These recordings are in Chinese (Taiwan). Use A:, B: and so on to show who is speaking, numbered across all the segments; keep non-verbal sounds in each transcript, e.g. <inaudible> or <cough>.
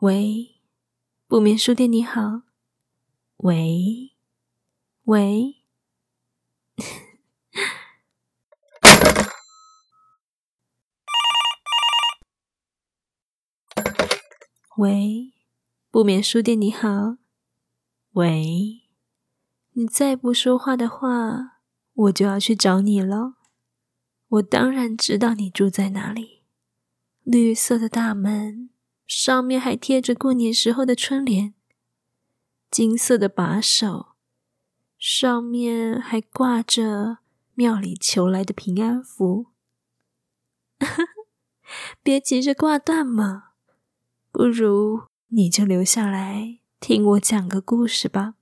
A: 喂，不眠書店你好。喂，喂。 <laughs> 喂，不眠書店你好。喂，你再不說話的話，我就要去找你了。我當然知道你住在哪裡，綠色的大門。上面還貼着過年時候的春聯，金色的把手，上面還掛着廟裡求來的平安符。 <laughs> 別急着掛斷嘛，不如你就留下來聽我講個故事吧。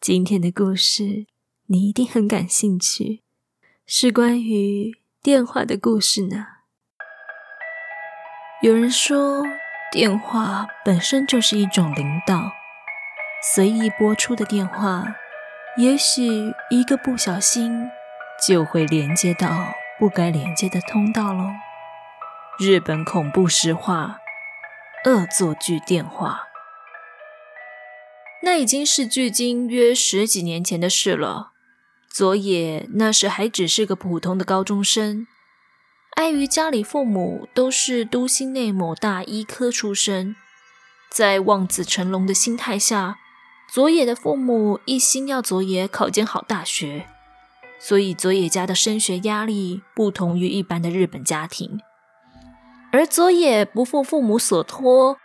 A: 今天的故事你一定很感興趣，是關於電話的故事呢。有人說。電話本身就是一種鈴鐺，隨意撥出的電話，也許一個不小心就會連接到不該連接的通道嘍。日本恐怖實話，惡作劇電話。那已經是距今約十幾年前的事了。佐野那時還只是個普通的高中生。礙於家裡父母都是都心內某大醫科出身，在望子成龍的心態下，佐野的父母一心要佐野考進好大學，所以佐野家的升學壓力不同於一般的日本家庭。而佐野不負父母所托，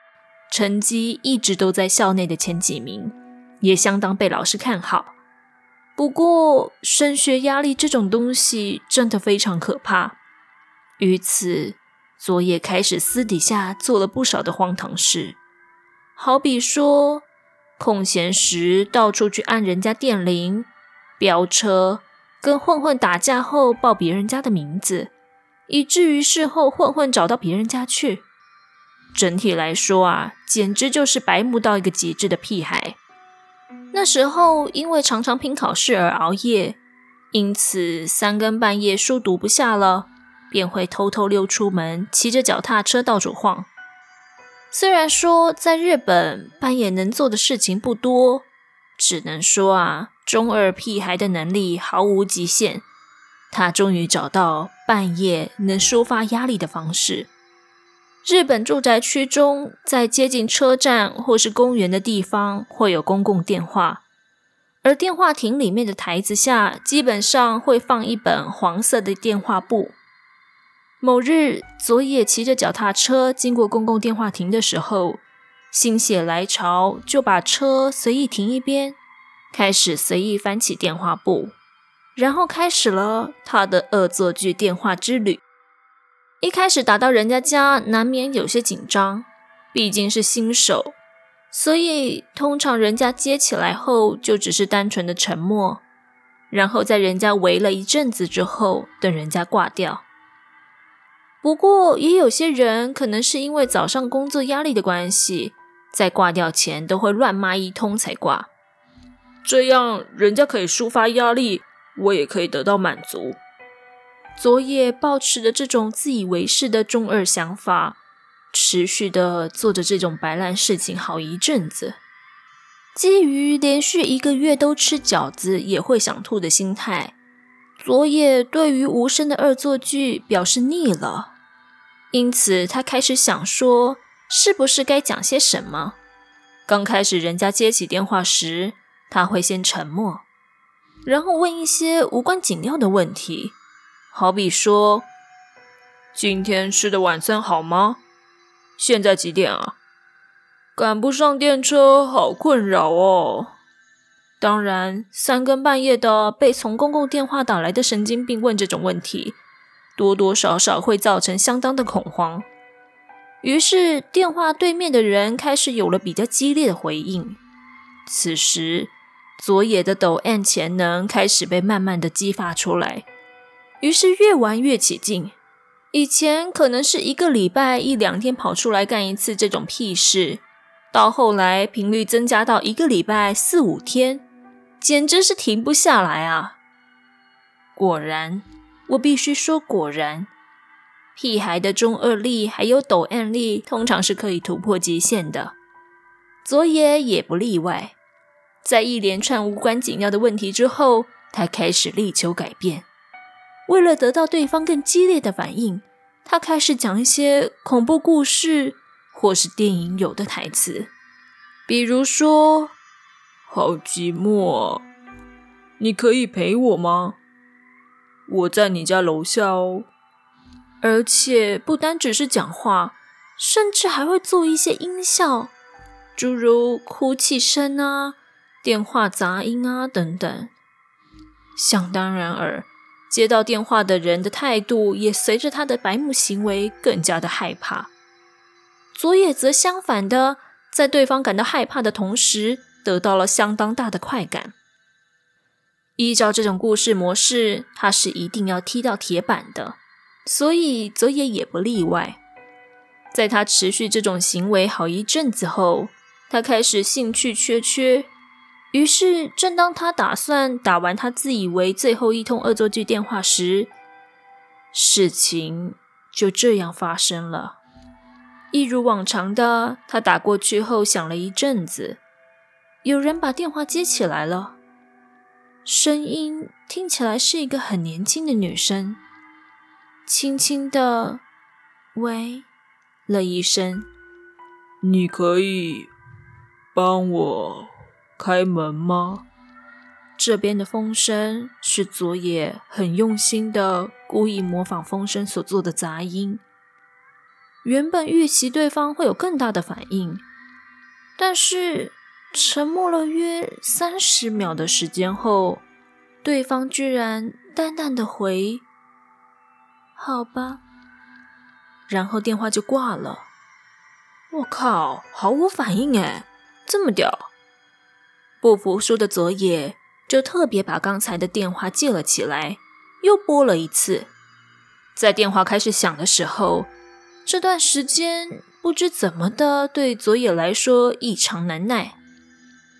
A: 成績一直都在校內的前幾名，也相當被老師看好。不過，升學壓力這種東西真的非常可怕。於此，佐野開始私底下做了不少的荒唐事，好比說，空閒時到處去按人家電鈴、飆車、跟混混打架後報別人家的名字，以至於事後混混找到別人家去。整體來說啊，簡直就是白目到一個極致的屁孩。那時候因為常常拼考試而熬夜，因此三更半夜書讀不下了。便會偷偷溜出門，騎着腳踏車到處晃。雖然說在日本半夜能做的事情不多，只能說啊，中二屁孩的能力毫無極限。他終於找到半夜能抒發壓力的方式。日本住宅區中，在接近車站或是公園的地方會有公共電話，而電話亭裡面的台子下，基本上會放一本黃色的電話簿。某日，佐野騎着腳踏車經過公共電話亭的時候，心血來潮就把車隨意停一邊，開始隨意翻起電話簿，然後開始了他的惡作劇電話之旅。一開始打到人家家，難免有些緊張，畢竟是新手，所以通常人家接起來後就只是單純的沉默，然後在人家喂了一陣子之後，等人家掛掉。不過，也有些人可能是因為早上工作壓力的關係，在掛掉前都會亂罵一通才掛。這樣人家可以抒發壓力，我也可以得到滿足。佐野抱持着這種自以為是的中二想法，持續的做着這種白爛事情好一陣子。基於連續一個月都吃餃子也會想吐的心態，佐野對於無聲的惡作劇表示膩了。因此，他開始想說，是不是該講些什麼？剛開始，人家接起電話時，他會先沉默，然後問一些無關緊要的問題，好比說：“今天吃的晚餐好嗎？現在幾點啊？趕不上電車，好困擾哦。”當然，三更半夜的被從公共電話打來的神經病問這種問題。多多少少會造成相當的恐慌，於是電話對面的人開始有了比較激烈的回應。此時，佐野的抖 M 潛能開始被慢慢的激發出來，於是越玩越起勁。以前可能是一個禮拜一兩天跑出來幹一次這種屁事，到後來頻率增加到一個禮拜四五天，簡直是停不下來啊！果然。我必須說，果然，屁孩的中二力還有抖 M 力，通常是可以突破極限的。佐野也不例外。在一連串無關緊要的問題之後，他開始力求改變。為了得到對方更激烈的反應，他開始講一些恐怖故事，或是電影有的台詞，比如說：“好寂寞啊，你可以陪我嗎？”我在你家樓下哦，而且不單只是講話，甚至還會做一些音效，諸如哭泣聲啊、電話雜音啊等等。想當然耳，接到電話的人的態度也隨着他的白目行為更加的害怕。佐野則相反的，在對方感到害怕的同時，得到了相當大的快感。依照這種故事模式，他是一定要踢到鐵板的，所以佐野也不例外。在他持續這種行為好一陣子後，他開始興趣缺缺。於是，正當他打算打完他自以為最後一通惡作劇電話時，事情就這樣發生了。一如往常的，他打過去後響了一陣子，有人把電話接起來了。聲音聽起來是一個很年輕的女生，輕輕的喂了一聲：“你可以幫我開門嗎？”這邊的風聲是佐野很用心的故意模仿風聲所做的雜音。原本預期對方會有更大的反應，但是。沉默了約三十秒的時間後，對方居然淡淡的回：“好吧。”然後電話就掛了。我靠，毫無反應哎，這麼屌！不服輸的佐野就特別把剛才的電話記了起來，又撥了一次。在電話開始響的時候，這段時間不知怎麼的，對佐野來說異常難耐。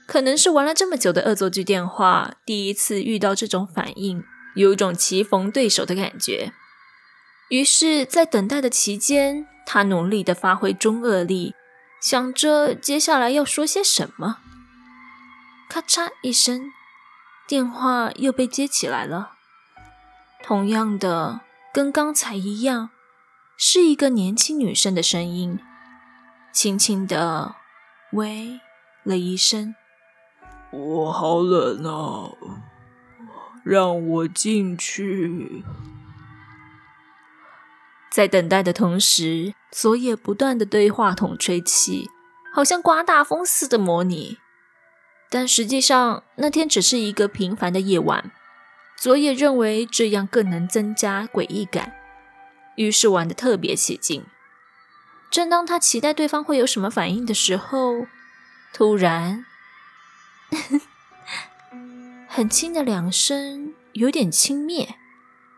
A: 可能是玩了這麼久的惡作劇電話，第一次遇到這種反應，有一種棋逢對手的感覺。於是，在等待的期間，他努力的發揮中二力，想着接下來要說些什麼。咔嚓一聲，電話又被接起來了。同樣的，跟剛才一樣，是一個年輕女生的聲音，輕輕的，喂了一聲。我好冷啊！讓我進去。在等待的同時，佐野不斷地對話筒吹氣，好像刮大風似的模擬。但實際上，那天只是一個平凡的夜晚。佐野認為這樣更能增加詭異感，於是玩得特別起勁。正當他期待對方會有什麼反應的時候，突然。 <laughs> 很輕的兩聲，有點輕蔑，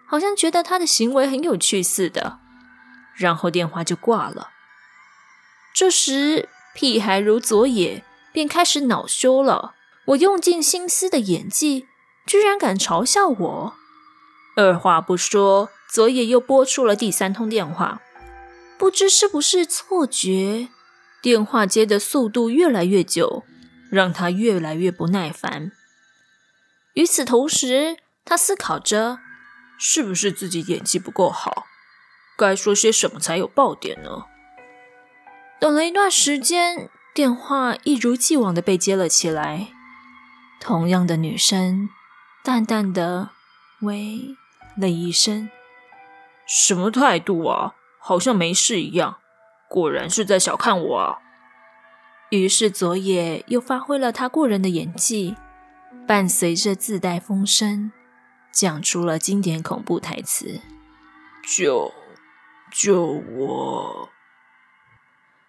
A: 好像覺得他的行為很有趣似的。然後電話就掛了。這時，屁孩如佐野便開始惱羞了。我用盡心思的演技，居然敢嘲笑我！二話不說，佐野又撥出了第三通電話。不知是不是錯覺，電話接的速度越來越久。讓他越來越不耐煩。與此同時，他思考着，是不是自己演技不夠好，該說些什麼才有爆點呢？等了一段時間，電話一如既往的被接了起來，同樣的女生，淡淡的喂了一聲：“什麼態度啊？好像沒事一樣。果然是在小看我啊！”於是佐野又發揮了他過人的演技，伴隨着自帶風聲，講出了經典恐怖台詞：“救，救我！”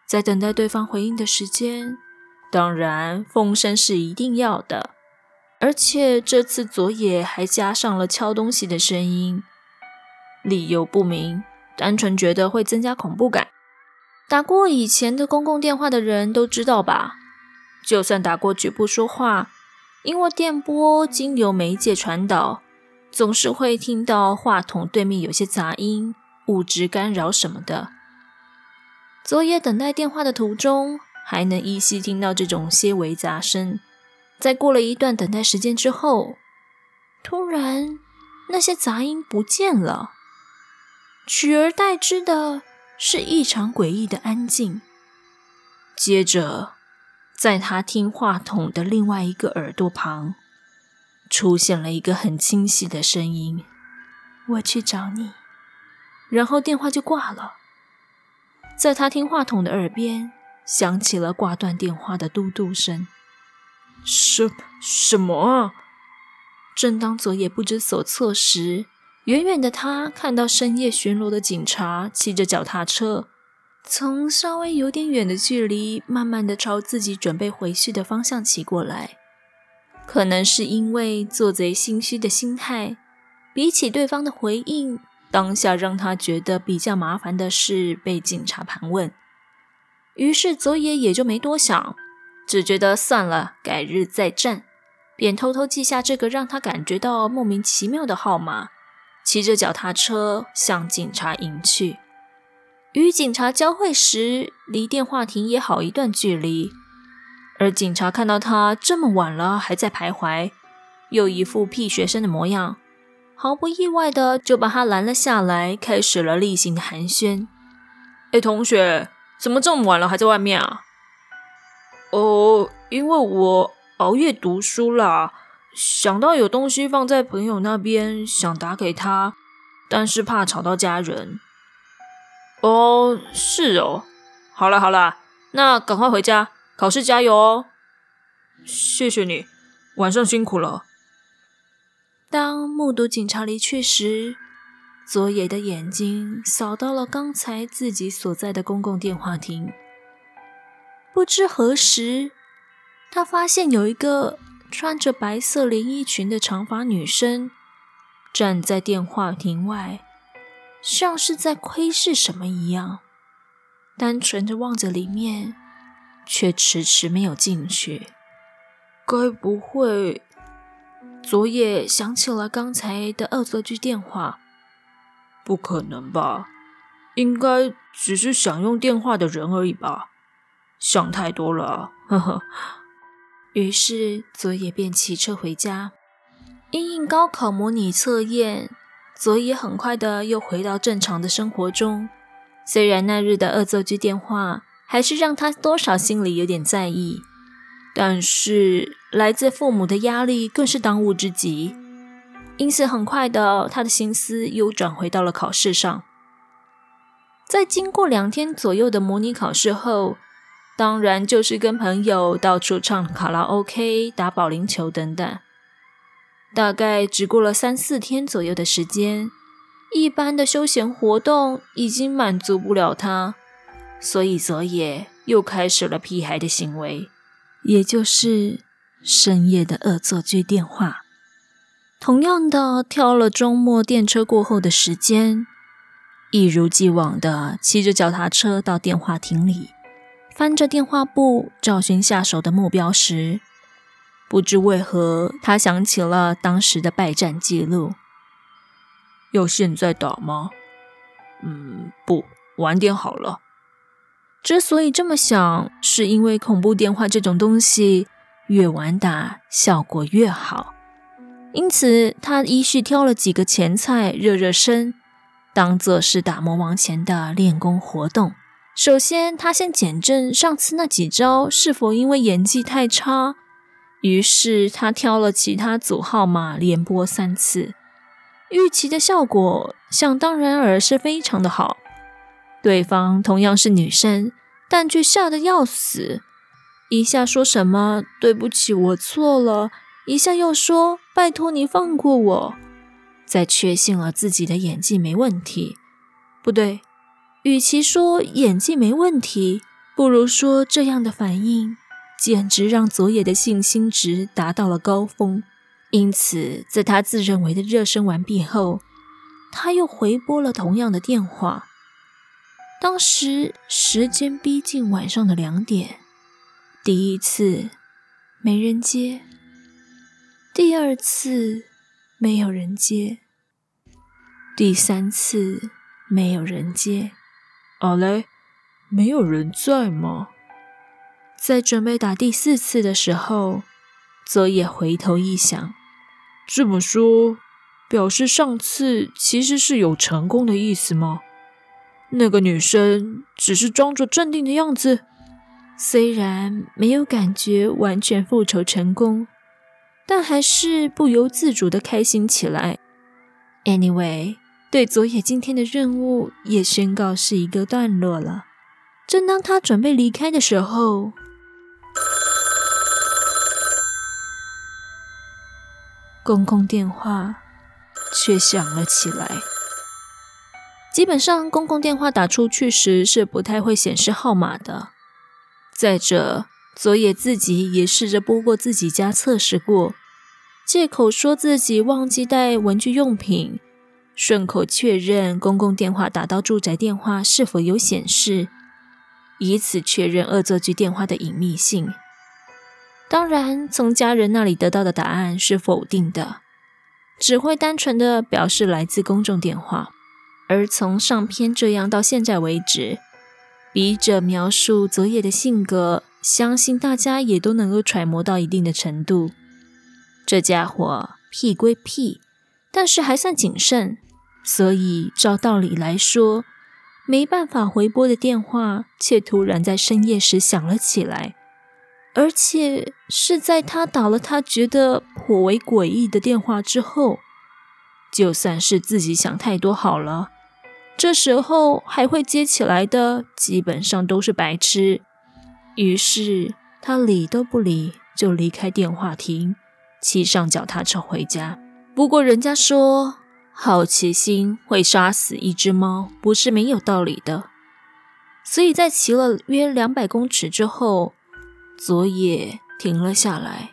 A: 在等待對方回應的時間，當然風聲是一定要的，而且這次佐野還加上了敲東西的聲音，理由不明，單純覺得會增加恐怖感。打過以前的公共電話的人都知道吧？就算打過去不說話，因為電波經由媒介傳導，總是會聽到話筒對面有些雜音、物質干擾什麼的。昨夜等待電話的途中，還能依稀聽到這種些微雜聲。在過了一段等待時間之後，突然那些雜音不見了，取而代之的，是異常詭異的安靜。接着，在他聽話筒的另外一個耳朵旁，出現了一個很清晰的聲音：“我去找你。”然後電話就掛了。在他聽話筒的耳邊，響起了掛斷電話的嘟嘟聲。什什麼？正當佐野不知所措時。遠遠的，他看到深夜巡邏的警察騎着腳踏車，從稍微有點遠的距離，慢慢的朝自己準備回去的方向騎過來。可能是因為做賊心虛的心態，比起對方的回應，當下讓他覺得比較麻煩的是被警察盤問。於是佐野也就沒多想，只覺得算了，改日再戰，便偷偷記下這個讓他感覺到莫名其妙的號碼。騎着腳踏車向警察迎去，與警察交會時，離電話亭也好一段距離。而警察看到他這麼晚了還在徘徊，又一副屁學生的模樣，毫不意外的就把他攔了下來，開始了例行寒暄：“哎，同學，怎麼這麼晚了還在外面啊？”“哦，因為我熬夜讀書啦。”想到有東西放在朋友那邊，想打給他，但是怕吵到家人。哦，是哦。好啦，好啦，那趕快回家，考試加油哦。謝謝你，晚上辛苦了。當目睹警察離去時，佐野的眼睛掃到了剛才自己所在的公共電話亭。不知何時，他發現有一個，穿着白色連衣裙的長髮女生站在電話亭外，像是在窺視什麼一樣，單純地望着裡面，卻遲遲沒有進去。該不會昨夜想起了剛才的惡作劇電話？不可能吧，應該只是想用電話的人而已吧。想太多了，呵呵。於是，佐野便騎車回家。因應高考模擬測驗，佐野很快的又回到正常的生活中。雖然那日的惡作劇電話還是讓他多少心裡有點在意，但是來自父母的壓力更是當務之急。因此，很快的，他的心思又轉回到了考試上。在經過兩天左右的模擬考試後。當然，就是跟朋友到處唱卡拉 OK、打保齡球等等。大概只過了三四天左右的時間，一般的休閒活動已經滿足不了他，所以佐野又開始了屁孩的行為，也就是深夜的惡作劇電話。同樣的，挑了周末電車過後的時間，一如既往的騎着腳踏車到電話亭裡。翻着電話簿找尋下手的目標時，不知為何，他想起了當時的敗戰記錄。要現在打嗎？嗯，不，晚點好了。之所以這麼想，是因為恐怖電話這種東西，越晚打效果越好。因此，他依序挑了幾個前菜熱熱身，當做是打魔王前的練功活動。首先，他先檢證上次那幾招是否因為演技太差，於是他挑了其他組號碼連播三次，預期的效果想當然耳是非常的好。對方同樣是女生，但卻嚇得要死，一下說什麼“對不起，我錯了”，一下又說“拜託你放過我”，再確信了自己的演技沒問題。不對。與其說演技沒問題，不如說這樣的反應簡直讓佐野的信心值達到了高峰。因此，在他自認為的熱身完畢後，他又回撥了同樣的電話。當時時間逼近晚上的兩點，第一次沒人接，第二次沒有人接，第三次沒有人接。好嘞，沒有人在嗎？在準備打第四次的時候，佐野回頭一想，這麼說，表示上次其實是有成功的意思嗎？那個女生只是裝作鎮定的樣子，雖然沒有感覺完全復仇成功，但還是不由自主地開心起來。Anyway。對，佐野今天的任務也宣告是一個段落了。正當他準備離開的時候，公共電話卻響了起來。基本上，公共電話打出去時是不太會顯示號碼的。再者，佐野自己也試着撥過自己家測試過，借口說自己忘記帶文具用品。順口確認公共電話打到住宅電話是否有顯示，以此確認惡作劇電話的隱秘性。當然，從家人那裡得到的答案是否定的，只會單純的表示來自公眾電話。而從上篇這樣到現在為止，筆者描述佐野的性格，相信大家也都能夠揣摩到一定的程度。這家伙屁歸屁，但是還算謹慎。所以，照道理來說，沒辦法回撥的電話，卻突然在深夜時響了起來，而且是在他打了他覺得頗為詭異的電話之後。就算是自己想太多好了，這時候還會接起來的，基本上都是白痴。於是他理都不理，就離開電話亭，騎上腳踏車回家。不過人家說。好奇心會殺死一隻貓，不是沒有道理的。所以在騎了約兩百公尺之後，佐野停了下來，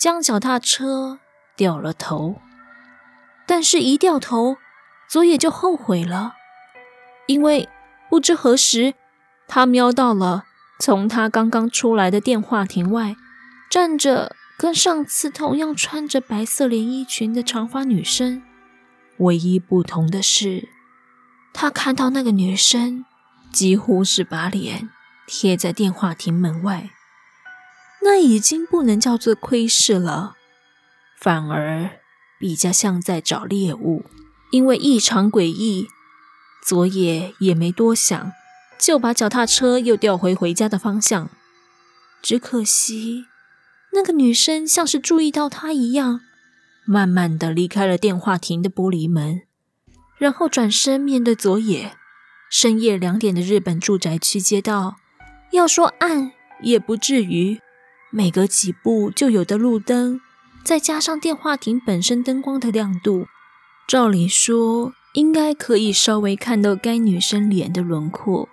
A: 將腳踏車掉了頭。但是，一掉頭，佐野就後悔了，因為不知何時，他瞄到了從他剛剛出來的電話亭外站着跟上次同樣穿着白色連衣裙的長髮女生。唯一不同的是，他看到那個女生幾乎是把臉貼在電話亭門外，那已經不能叫做窺視了，反而比較像在找獵物。因為異常詭異，佐野也沒多想，就把腳踏車又調回回家的方向。只可惜，那個女生像是注意到他一樣。慢慢的離開了電話亭的玻璃門，然後轉身面對佐野。深夜兩點的日本住宅區街道，要說暗也不至於，每隔幾步就有的路燈，再加上電話亭本身燈光的亮度，照理說應該可以稍微看到該女生臉的輪廓。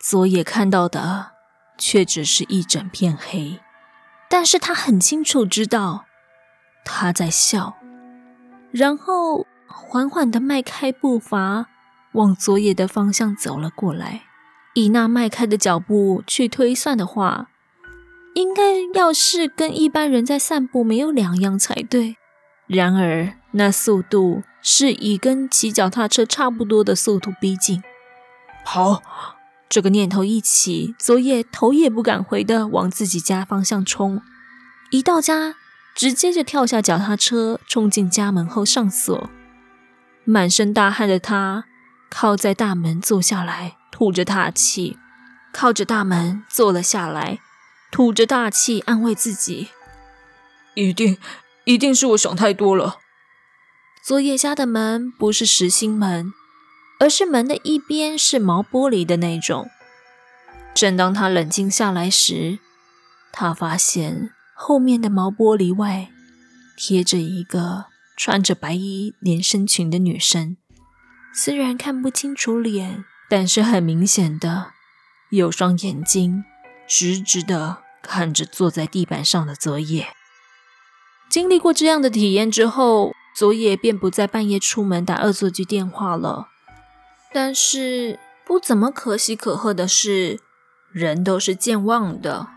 A: 佐野看到的卻只是一整片黑，但是他很清楚知道。他在笑，然後緩緩的邁開步伐，往佐野的方向走了過來。以那邁開的腳步去推算的話，應該要是跟一般人在散步沒有兩樣才對。然而那速度是以跟騎腳踏車差不多的速度逼近。好，這個念頭一起，佐野頭也不敢回的往自己家方向衝。一到家。直接就跳下腳踏車，衝進家門後上鎖。滿身大汗的他靠在大門坐下來，吐着大氣，靠着大門坐了下來，吐着大氣安慰自己：“一定一定是我想太多了。”佐野家的門不是實心門，而是門的一邊是毛玻璃的那種。正當他冷靜下來時，他發現。後面的毛玻璃外貼着一個穿着白衣連身裙的女生，雖然看不清楚臉，但是很明顯的有雙眼睛，直直的看着坐在地板上的佐野。經歷過這樣的體驗之後，佐野便不再半夜出門打惡作劇電話了。但是不怎麼可喜可賀的是，人都是健忘的。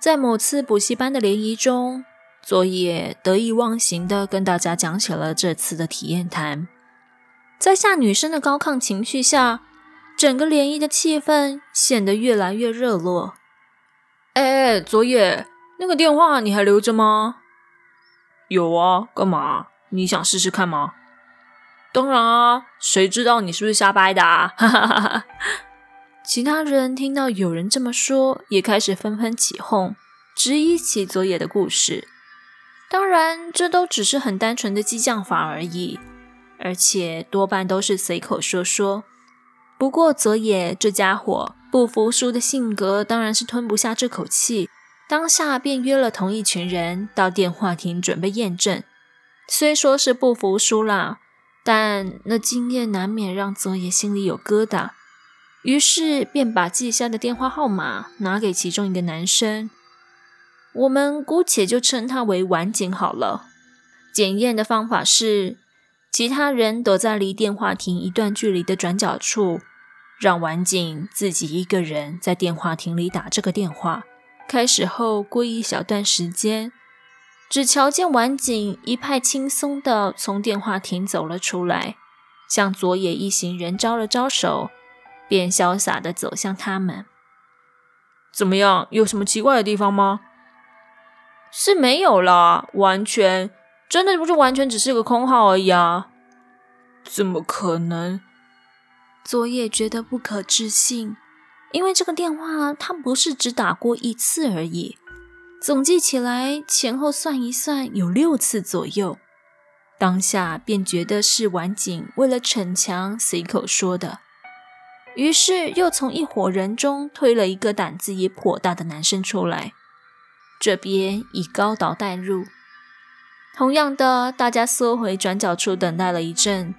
A: 在某次補習班的聯誼中，佐野得意忘形地跟大家講起了這次的體驗談。在下女生的高亢情緒下，整個聯誼的氣氛顯得越來越熱絡。哎，佐野，那個電話你還留着嗎？有啊，幹嘛？你想試試看嗎？當然啊，誰知道你是不是瞎掰的啊？哈哈哈哈。其他人聽到有人這麼說，也開始紛紛起鬨，質疑起佐野的故事。當然，這都只是很單純的激將法而已，而且多半都是隨口說說。不過佐，佐野這傢伙不服輸的性格，當然是吞不下這口氣。當下便約了同一群人到電話亭準備驗證。雖說是不服輸啦，但那經驗難免讓佐野心裡有疙瘩。於是便把記下的電話號碼拿給其中一個男生，我們姑且就稱他為晚景好了。檢驗的方法是，其他人躲在離電話亭一段距離的轉角處，讓晚景自己一個人在電話亭裡打這個電話。開始後過一小段時間，只瞧見晚景一派輕鬆地從電話亭走了出來，向佐野一行人招了招手。便瀟灑的走向他們。怎麼樣？有什麼奇怪的地方嗎？是沒有啦，完全，真的不是，完全只是個空號而已啊？怎麼可能？佐野覺得不可置信，因為這個電話他不是只打過一次而已，總計起來前後算一算有六次左右。當下便覺得是晚景為了逞強隨口說的。於是又從一夥人中推了一個膽子也頗大的男生出來，這邊以高島代入。同樣的，大家縮回轉角處等待了一陣，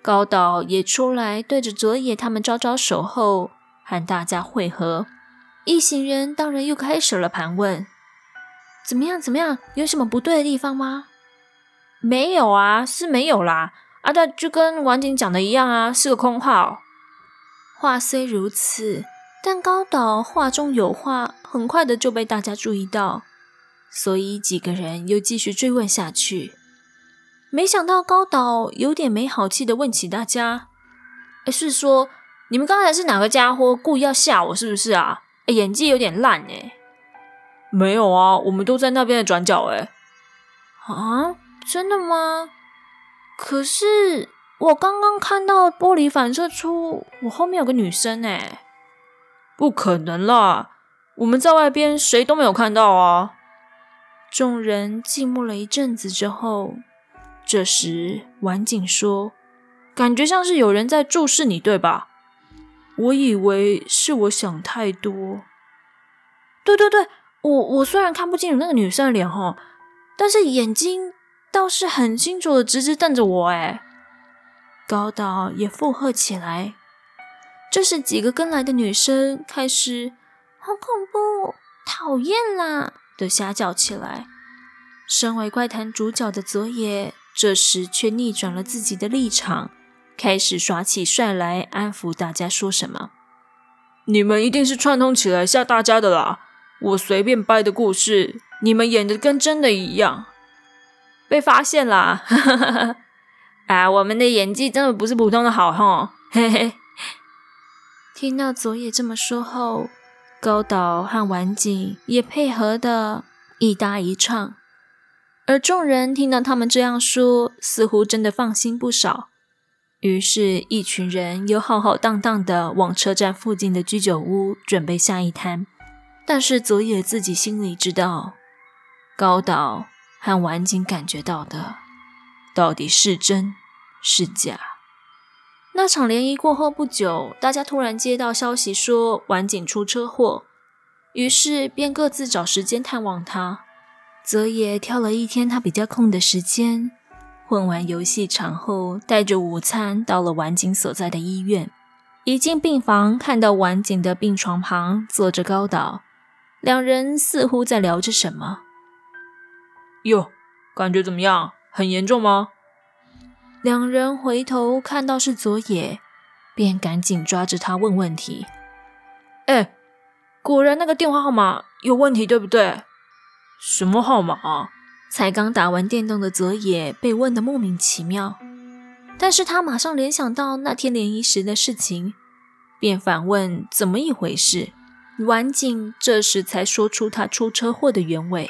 A: 高島也出來對着佐野他們招招手後，和大家匯合。一行人當然又開始了盤問：“怎麼樣？怎麼樣？有什麼不對的地方嗎？”“沒有啊，是沒有啦。啊，這就跟王景講的一樣啊，是個空號。”話雖如此，但高島話中有話，很快的就被大家注意到，所以幾個人又繼續追問下去。沒想到高島有點沒好氣的問起大家誒，是說：“你們剛才是哪個家伙故意要嚇我，是不是啊？誒，演技有點爛誒。欸，沒有啊，我們都在那邊的轉角誒。欸，啊？真的嗎？可是……”我剛剛看到玻璃反射出我後面有個女生哎、欸，不可能啦！我們在外邊誰都沒有看到啊。眾人靜默了一陣子之後，這時晚景說：“感覺像是有人在注視你，對吧？”我以為是我想太多。對對對，我我雖然看不清楚那個女生的臉哈、哦，但是眼睛倒是很清楚的直直瞪着我哎、欸。高島也附和起來，這時幾個跟來的女生開始“好恐怖，討厭啦”的瞎叫起來。身為怪談主角的佐野，這時卻逆轉了自己的立場，開始耍起帥來，安撫大家：“說什麼？你們一定是串通起來嚇大家的啦！我隨便掰的故事，你們演的跟真的一樣，被發現啦！”哈哈哈哈。啊，我們的演技真的不是普通的好哈！嘿嘿，聽到佐野這麼說後，高島和丸井也配合的一搭一唱，而眾人聽到他們這樣說，似乎真的放心不少。於是，一群人又浩浩蕩蕩的往車站附近的居酒屋準備下一攤。但是，佐野自己心裡知道，高島和丸井感覺到的，到底是真是假？那場聯誼過後不久，大家突然接到消息說晚景出車禍，於是便各自找時間探望他。佐野挑了一天他比較空的時間，混完遊戲場後，帶着午餐到了晚景所在的醫院。一進病房，看到晚景的病床旁坐着高島，兩人似乎在聊着什麼。喲，感覺怎麼樣？很嚴重嗎？兩人回頭看到是佐野，便趕緊抓着他問問題。哎，果然那個電話號碼有問題，對不對？什麼號碼？才剛打完電動的佐野被問的莫名其妙，但是他馬上聯想到那天聯誼時的事情，便反問怎麼一回事。晚景這時才說出他出車禍的原委。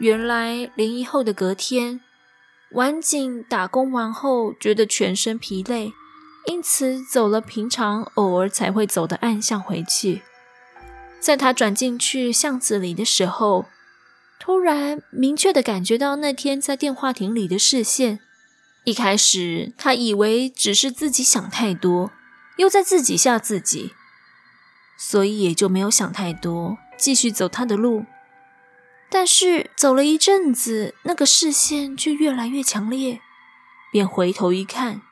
A: 原來零一後的隔天，晚景打工完後覺得全身疲累，因此走了平常偶爾才會走的暗巷回去。在他轉進去巷子裡的時候，突然明確的感覺到那天在電話亭裡的視線。一開始他以為只是自己想太多，又在自己嚇自己，所以也就沒有想太多，繼續走他的路。但是走了一陣子，那個視線卻越來越強烈，便回頭一看，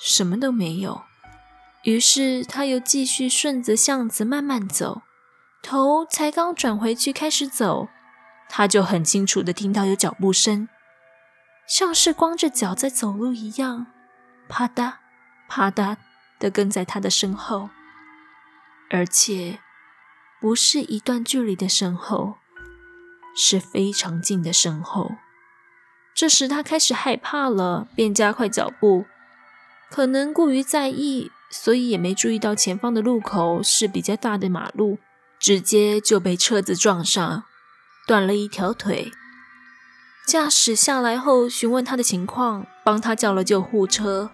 A: 什麼都沒有。於是他又繼續順着巷子慢慢走，頭才剛轉回去開始走，他就很清楚地聽到有腳步聲，像是光着腳在走路一樣，啪嗒啪嗒地跟在他的身後，而且不是一段距離的身後。是非常近的身後。這時他開始害怕了，便加快腳步。可能過於在意，所以也沒注意到前方的路口是比較大的馬路，直接就被車子撞上，斷了一條腿。駕駛下來後，詢問他的情況，幫他叫了救護車，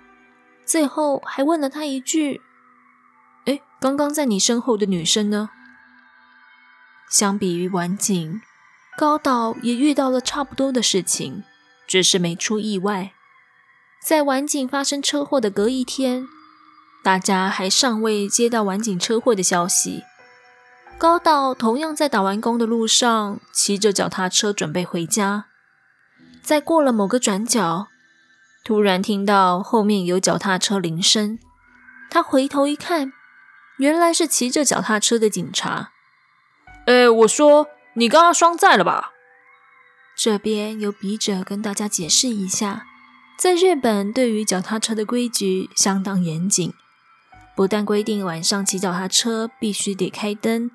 A: 最後還問了他一句：“哎，剛剛在你身後的女生呢？”相比於晚景。高島也遇到了差不多的事情，只是沒出意外。在晚景發生車禍的隔一天，大家還尚未接到晚景車禍的消息。高島同樣在打完工的路上，騎着腳踏車準備回家，在過了某個轉角，突然聽到後面有腳踏車鈴聲，他回頭一看，原來是騎着腳踏車的警察。呃，我說。你剛剛雙載了吧？這邊由筆者跟大家解釋一下，在日本對於腳踏車的規矩相當嚴謹，不但規定晚上騎腳踏車必須得開燈，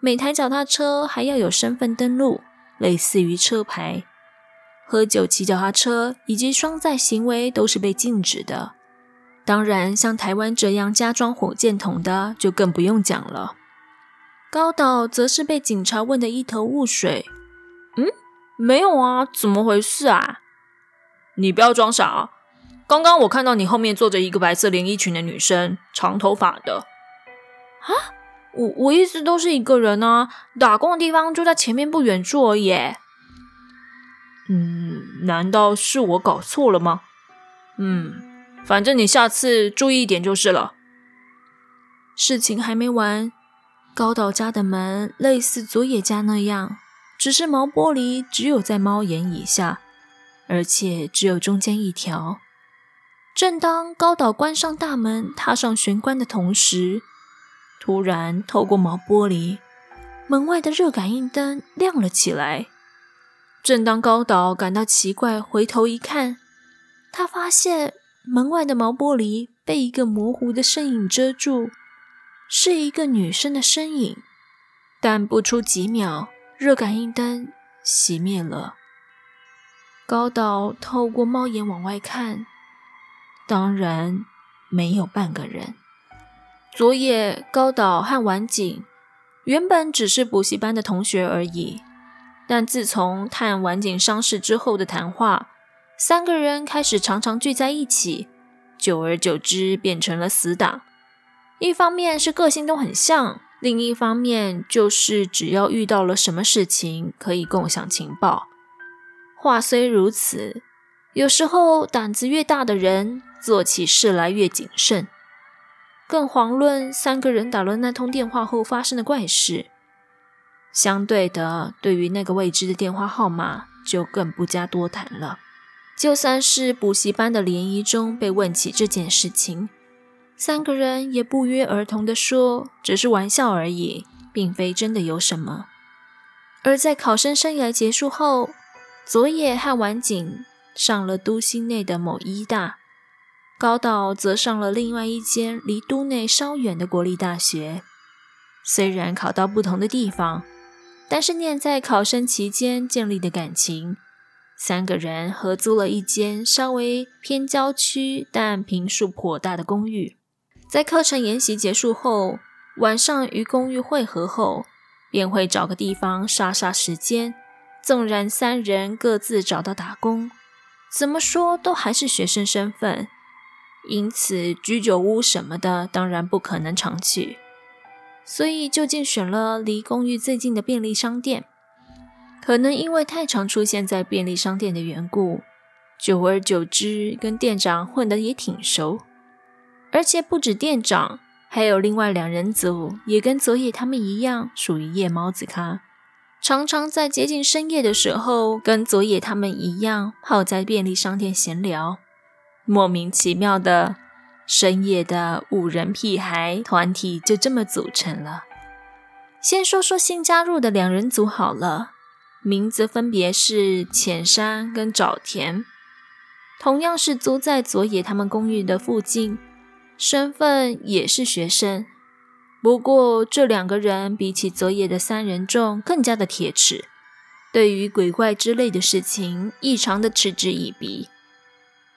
A: 每台腳踏車還要有身份登錄，類似於車牌。喝酒騎腳踏車以及雙載行為都是被禁止的。當然，像台灣這樣加裝火箭筒的就更不用講了。高島則是被警察問得一頭霧水。嗯，沒有啊，怎麼回事啊？你不要裝傻。剛剛我看到你後面坐着一個白色連衣裙的女生，長頭髮的。啊，我我一直都是一個人啊，打工的地方就在前面不遠處而已。嗯，難道是我搞錯了嗎？嗯，反正你下次注意一點就是了。事情還沒完。高島家的門類似佐野家那樣，只是毛玻璃只有在貓眼以下，而且只有中間一條。正當高島關上大門，踏上玄關的同時，突然透過毛玻璃，門外的熱感應燈亮了起來。正當高島感到奇怪，回頭一看，他發現門外的毛玻璃被一個模糊的身影遮住。是一個女生的身影，但不出幾秒，熱感應燈熄滅了。高島透過貓眼往外看，當然沒有半個人。佐野、高島和丸井原本只是補習班的同學而已，但自從探丸井傷勢之後的談話，三個人開始常常聚在一起，久而久之變成了死黨。一方面是個性都很像，另一方面就是只要遇到了什麼事情，可以共享情報。話雖如此，有時候膽子越大的人，做起事來越謹慎。更遑論三個人打了那通電話後發生的怪事。相對的，對於那個未知的電話號碼，就更不加多談了。就算是補習班的聯誼中被問起這件事情。三個人也不約而同地說：“只是玩笑而已，並非真的有什麼。”而在考生生涯結束後，佐野和晚景上了都心內的某醫大，高島則上了另外一間離都內稍遠的國立大學。雖然考到不同的地方，但是念在考生期間建立的感情，三個人合租了一間稍微偏郊區但坪數頗大的公寓。在課程研習結束後，晚上與公寓會合後，便會找個地方殺殺時間。縱然三人各自找到打工，怎麼說都還是學生身份，因此居酒屋什麼的當然不可能常去，所以就近選了離公寓最近的便利商店。可能因為太常出現在便利商店的緣故，久而久之跟店長混得也挺熟。而且不止店長，還有另外兩人組也跟佐野他們一樣，屬於夜貓子咖，常常在接近深夜的時候，跟佐野他們一樣泡在便利商店閒聊。莫名其妙的深夜的五人屁孩團體就這麼組成了。先說說新加入的兩人組好了，名字分別是淺山跟沼田，同樣是租在佐野他們公寓的附近。身份也是學生，不過這兩個人比起佐野的三人眾更加的鐵齒，對於鬼怪之類的事情異常的嗤之以鼻。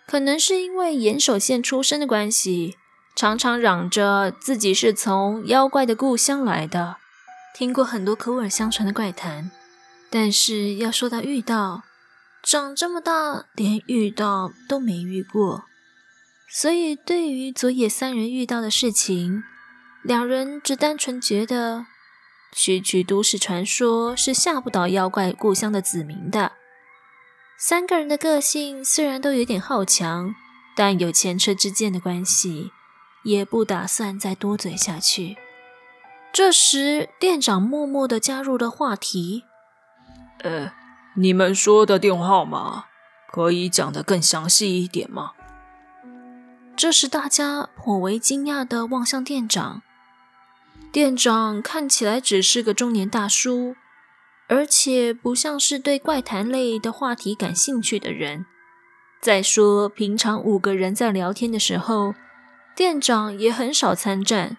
A: 可能是因為岩手縣出身的關係，常常嚷着自己是從妖怪的故鄉來的，聽過很多口耳相傳的怪談。但是要說到遇到，長這麼大連遇到都沒遇過。所以，對於佐野三人遇到的事情，兩人只單純覺得區區都市傳說是嚇不倒妖怪故鄉的子民的。三個人的個性雖然都有點好強，但有前車之鑑的關係，也不打算再多嘴下去。這時，店長默默的加入了話題：“呃，你們說的電話號碼，可以講得更詳細一點嗎？”這時，大家頗為驚訝的望向店長。店長看起來只是個中年大叔，而且不像是對怪談類的話題感興趣的人。再說，平常五個人在聊天的時候，店長也很少參戰，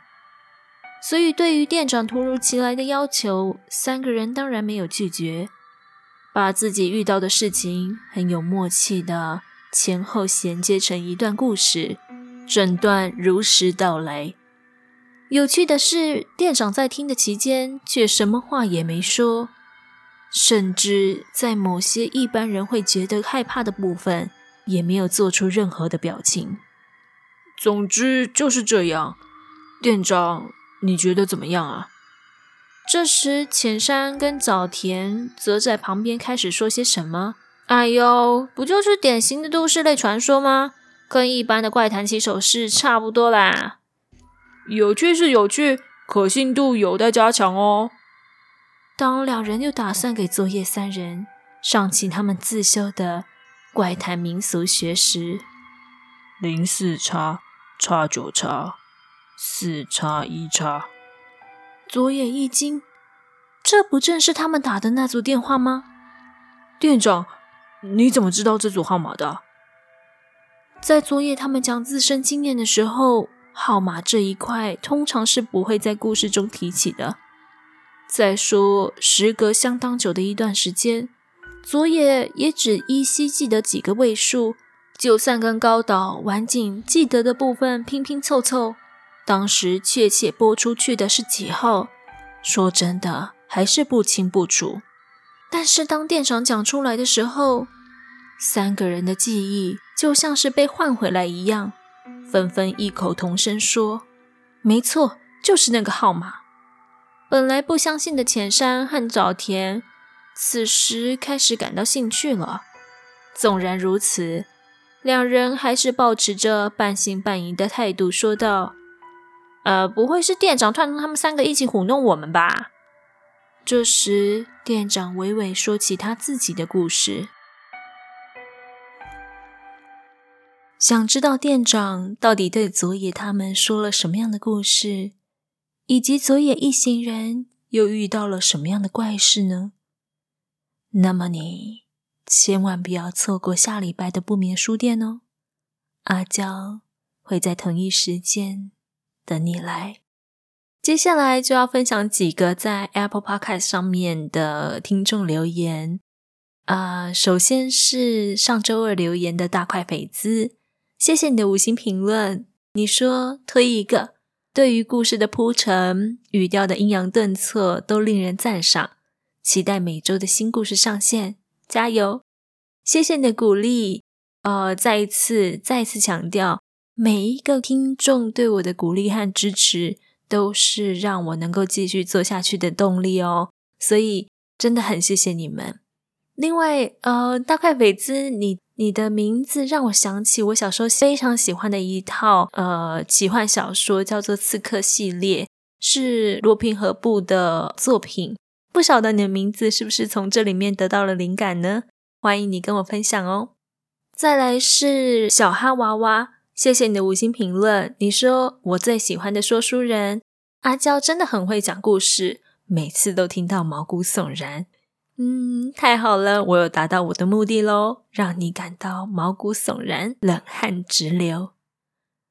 A: 所以對於店長突如其來的要求，三個人當然沒有拒絕，把自己遇到的事情很有默契的前後銜接成一段故事。診斷如實道來。有趣的是，店長在聽的期間卻什麼話也沒說，甚至在某些一般人會覺得害怕的部分，也沒有做出任何的表情。總之就是這樣，店長，你覺得怎麼樣啊？這時，淺山跟早田則在旁邊開始說些什麼：“哎呦，不就是典型的都市類傳說嗎？”跟一般的怪談起手式差不多啦。有趣是有趣，可信度有待加強哦。當兩人又打算給佐野三人上起他們自修的怪談民俗學時，零四叉叉九叉四叉一叉，佐野一驚，這不正是他們打的那組電話嗎？店長，你怎麼知道這組號碼的？在佐野他們講自身經驗的時候，號碼這一塊通常是不會在故事中提起的。再說，時隔相當久的一段時間，佐野也只依稀記得幾個位數，就算跟高島、丸井記得的部分拼拼湊湊，當時確切撥出去的是幾號，說真的還是不清不楚。但是當店長講出來的時候，三個人的記憶就像是被換回來一樣，紛紛異口同聲說：“沒錯，就是那個號碼。”本來不相信的淺山和早田，此時開始感到興趣了。縱然如此，兩人還是保持着半信半疑的態度，說道：“呃，不會是店長串通他們三個一起唬弄我們吧？”這時，店長娓娓說起他自己的故事。想知道店長到底對佐野他們說了什麼樣的故事，以及佐野一行人又遇到了什麼樣的怪事呢？那麼你千萬不要錯過下禮拜的不眠書店哦！阿嬌會在同一時間等你來。接下來就要分享幾個在 Apple Podcast 上面的聽眾留言啊，首先是上周二留言的大塊肥子。謝謝你的五星評論，你說推一個，對於故事的鋪陳、語調的抑揚頓挫都令人贊賞。期待每周的新故事上線，加油！謝謝你的鼓勵，呃，再一次、再一次強調，每一個聽眾對我的鼓勵和支持，都是讓我能夠繼續做下去的動力哦。所以真的很謝謝你們。另外，呃，大塊肥子你。你的名字讓我想起我小時候非常喜歡的一套呃奇幻小說，叫做《刺客》系列，是羅蘋荷布的作品。不曉得你的名字是不是從這裡面得到了靈感呢？歡迎你跟我分享哦。再來是小哈娃娃，謝謝你的五星評論。你說，我最喜歡的說書人阿嬌真的很會講故事，每次都聽到毛骨悚然。嗯，太好了，我有達到我的目的嘍，讓你感到毛骨悚然、冷汗直流。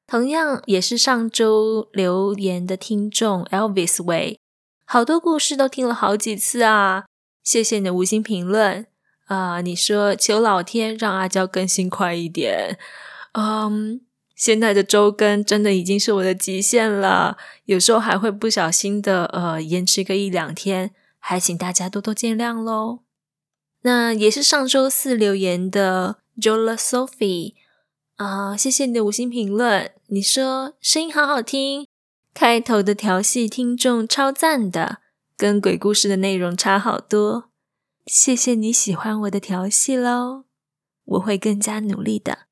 A: 同樣也是上周留言的聽眾 Elvis Way，好多故事都聽了好幾次啊，謝謝你的無心評論啊、呃，你說求老天讓阿嬌更新快一點，嗯，現在的周更真的已經是我的極限了，有時候還會不小心的呃延遲個一兩天。還請大家多多見諒嘍。那也是上周四留言的 Jola Sophie，啊，謝謝你的五星評論。你說聲音好好聽，開頭的調戲聽眾超讚的，跟鬼故事的內容差好多。謝謝你喜歡我的調戲嘍，我會更加努力的。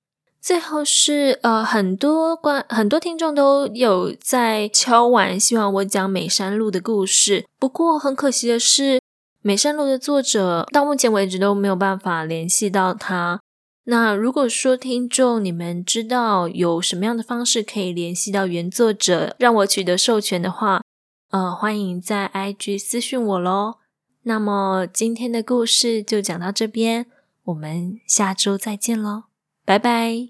A: 最後是呃，很多觀很多聽眾都有在敲碗，希望我講美山路的故事。不過很可惜的是，美山路的作者到目前為止都沒有辦法聯繫到他。那如果說聽眾你們知道有什麼樣的方式可以聯繫到原作者，讓我取得授權的話，呃，歡迎在 IG 私訊我嘍。那麼今天的故事就講到這邊，我們下周再見嘍，拜拜。